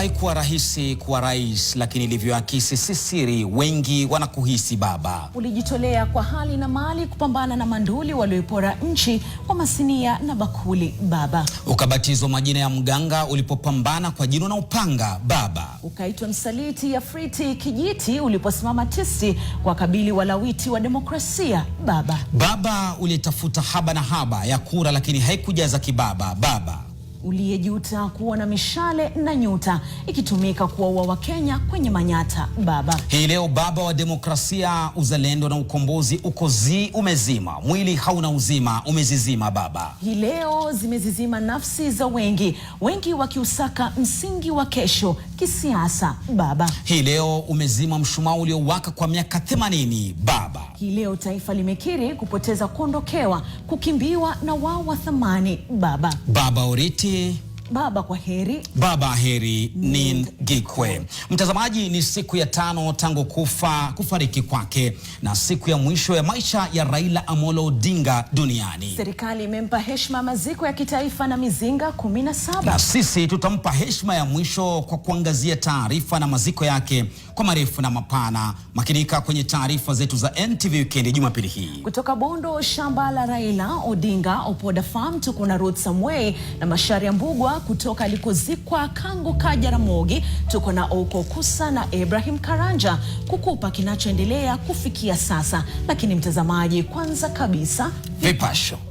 Haikuwa rahisi kuwa rais, lakini ilivyoakisi si siri, wengi wanakuhisi baba. Ulijitolea kwa hali na mali kupambana na manduli walioipora nchi kwa masinia na bakuli baba. Ukabatizwa majina ya mganga ulipopambana kwa jino na upanga baba. Ukaitwa msaliti ya friti Kijiti uliposimama tisti kwa kabili walawiti wa demokrasia baba. Baba ulitafuta haba na haba ya kura, lakini haikujaza kibaba baba uliyejuta kuwa na mishale na nyuta ikitumika kuwaua Wakenya kwenye manyata baba. Hii leo baba wa demokrasia, uzalendo na ukombozi uko zi umezima, mwili hauna uzima, umezizima baba. Hii leo zimezizima nafsi za wengi, wengi wakiusaka msingi wa kesho kisiasa baba. Hii leo umezima mshumaa uliowaka kwa miaka 80 baba. Hii leo taifa limekiri kupoteza kuondokewa, kukimbiwa na wao wa thamani baba. Baba Oriti Mwenyekiti Baba kwa heri. Baba heri ni Gikwe. Mtazamaji, ni siku ya tano tangu kufa kufariki kwake na siku ya mwisho ya maisha ya Raila Amolo Odinga duniani. Serikali imempa heshima maziko ya kitaifa na mizinga kumi na saba. Na sisi tutampa heshima ya mwisho kwa kuangazia taarifa na maziko yake kwa marefu na mapana. Makinika kwenye taarifa zetu za NTV Wikendi Jumapili hii. Kutoka Bondo, shamba la Raila Odinga Opoda Farm, tuko na Ruth Samwei na ya Mbugwa. Kutoka alikozikwa Kangu kajara mogi tuko na Oko Kusa na Ibrahim Karanja kukupa kinachoendelea kufikia sasa. Lakini mtazamaji, kwanza kabisa vipasho